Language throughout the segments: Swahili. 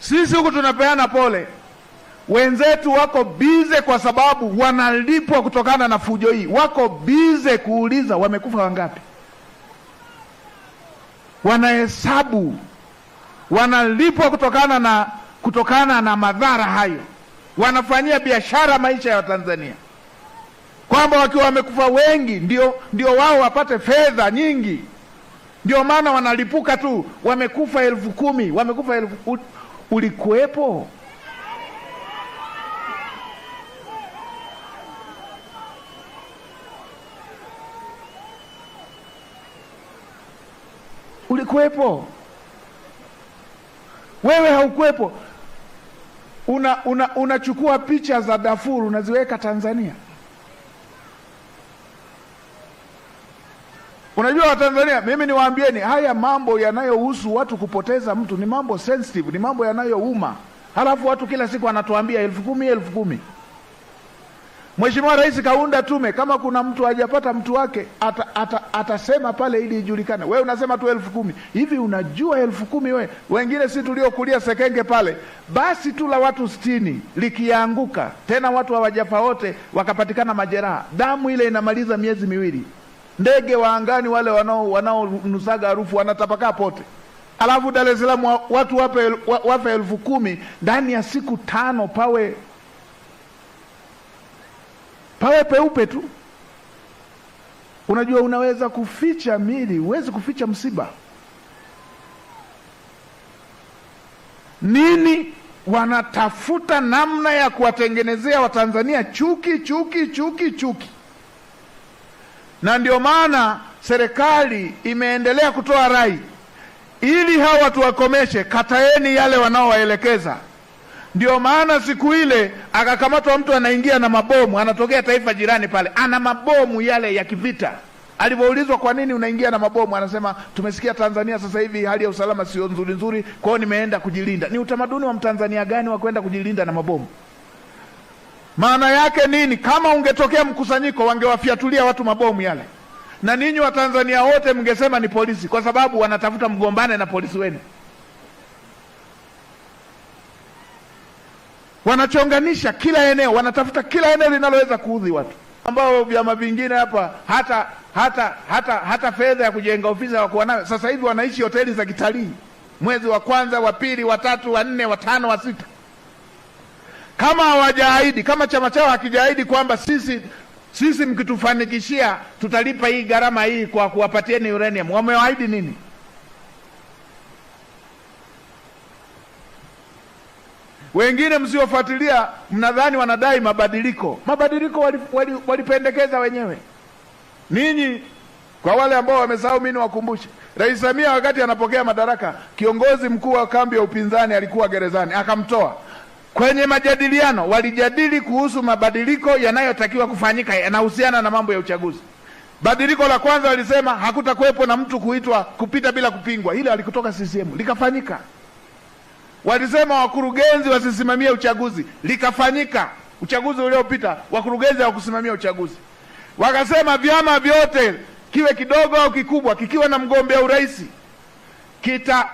Sisi huku tunapeana pole, wenzetu wako bize, kwa sababu wanalipwa kutokana na fujo hii. Wako bize kuuliza wamekufa wangapi, wanahesabu, wanalipwa kutokana na kutokana na madhara hayo. Wanafanyia biashara maisha ya Watanzania kwamba wakiwa wamekufa wengi ndio, ndio wao wapate fedha nyingi. Ndio maana wanalipuka tu, wamekufa elfu kumi, wamekufa elfu ulikuwepo? Ulikuwepo? Wewe haukuwepo. Unachukua una, una picha za Darfur unaziweka Tanzania. Unajua Watanzania, mimi niwaambieni, haya mambo yanayohusu watu kupoteza mtu ni mambo sensitive, ni mambo yanayouma, halafu watu kila siku wanatuambia elfu kumi elfu kumi. Mheshimiwa Rais kaunda tume, kama kuna mtu hajapata mtu wake ata, ata, atasema pale ili ijulikane. We unasema tu elfu kumi hivi, unajua elfu kumi we wengine si tuliokulia Sekenge pale, basi tu la watu sitini likianguka tena watu hawajafa wote wakapatikana majeraha, damu ile inamaliza miezi miwili. Ndege wa angani wale wanaonusaga harufu wanatapakaa pote, alafu Dar es Salaam watu wape, wafe elfu kumi ndani ya siku tano, pawe pawe peupe tu. Unajua, unaweza kuficha mili, huwezi kuficha msiba. Nini wanatafuta namna ya kuwatengenezea Watanzania chuki, chuki, chuki, chuki na ndio maana serikali imeendelea kutoa rai ili hawa watu wakomeshe, kataeni yale wanaowaelekeza. Ndio maana siku ile akakamatwa mtu anaingia na mabomu, anatokea taifa jirani pale, ana mabomu yale ya kivita. Alivyoulizwa kwa nini unaingia na mabomu, anasema tumesikia Tanzania sasa hivi hali ya usalama sio nzuri nzuri, kwa hiyo nimeenda kujilinda. Ni utamaduni wa Mtanzania gani wa kwenda kujilinda na mabomu? Maana yake nini? Kama ungetokea mkusanyiko, wangewafiatulia watu mabomu yale, na ninyi Watanzania wote mngesema ni polisi, kwa sababu wanatafuta mgombane na polisi wenu. Wanachonganisha kila eneo, wanatafuta kila eneo linaloweza kuudhi watu, ambao vyama vingine hapa hata hata hata hata fedha ya kujenga ofisi hawakuwa nayo. Sasa hivi wanaishi hoteli za kitalii, mwezi wa kwanza, wa pili, wa tatu, wa nne, wa tano, wa sita kama hawajaahidi, kama chama chao hakijaahidi kwamba sisi sisi mkitufanikishia tutalipa hii gharama hii kwa kuwapatieni uranium, wamewaahidi nini? Wengine msiofuatilia mnadhani wanadai mabadiliko. Mabadiliko walipendekeza wali, wali wenyewe. Ninyi kwa wale ambao wamesahau, mimi niwakumbushe, Rais Samia wakati anapokea madaraka, kiongozi mkuu wa kambi ya upinzani alikuwa gerezani, akamtoa Kwenye majadiliano walijadili kuhusu mabadiliko yanayotakiwa kufanyika yanahusiana na mambo ya uchaguzi. Badiliko la kwanza walisema hakutakuwepo na mtu kuitwa kupita bila kupingwa. Hilo alikutoka CCM likafanyika. Walisema wakurugenzi wasisimamie uchaguzi, likafanyika. Uchaguzi uliopita wakurugenzi hawakusimamia uchaguzi. Wakasema vyama vyote kiwe kidogo au kikubwa, kikiwa na mgombea urais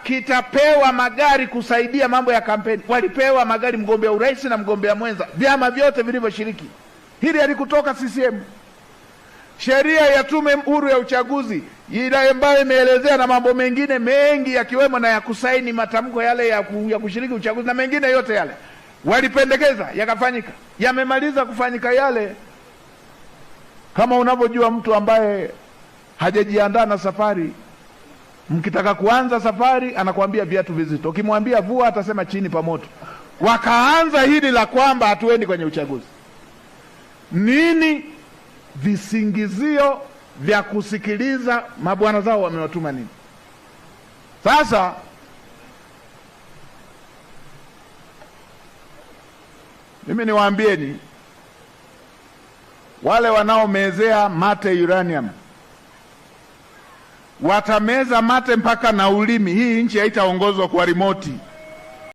kitapewa magari kusaidia mambo ya kampeni. Walipewa magari mgombea urais na mgombea mwenza, vyama vyote vilivyoshiriki. Hili halikutoka CCM. Sheria ya Tume Huru ya Uchaguzi ile ambayo imeelezea na mambo mengine mengi yakiwemo na ya kusaini matamko yale ya, ku, ya kushiriki uchaguzi na mengine yote yale walipendekeza yakafanyika, yamemaliza kufanyika yale. Kama unavyojua mtu ambaye hajajiandaa na safari Mkitaka kuanza safari, anakuambia viatu vizito, ukimwambia vua, atasema chini pa moto. Wakaanza hili la kwamba hatuendi kwenye uchaguzi. Nini visingizio vya kusikiliza mabwana zao wamewatuma nini? Sasa mimi niwaambieni wale wanaomezea mate uranium watameza mate mpaka na ulimi. Hii nchi haitaongozwa kwa rimoti.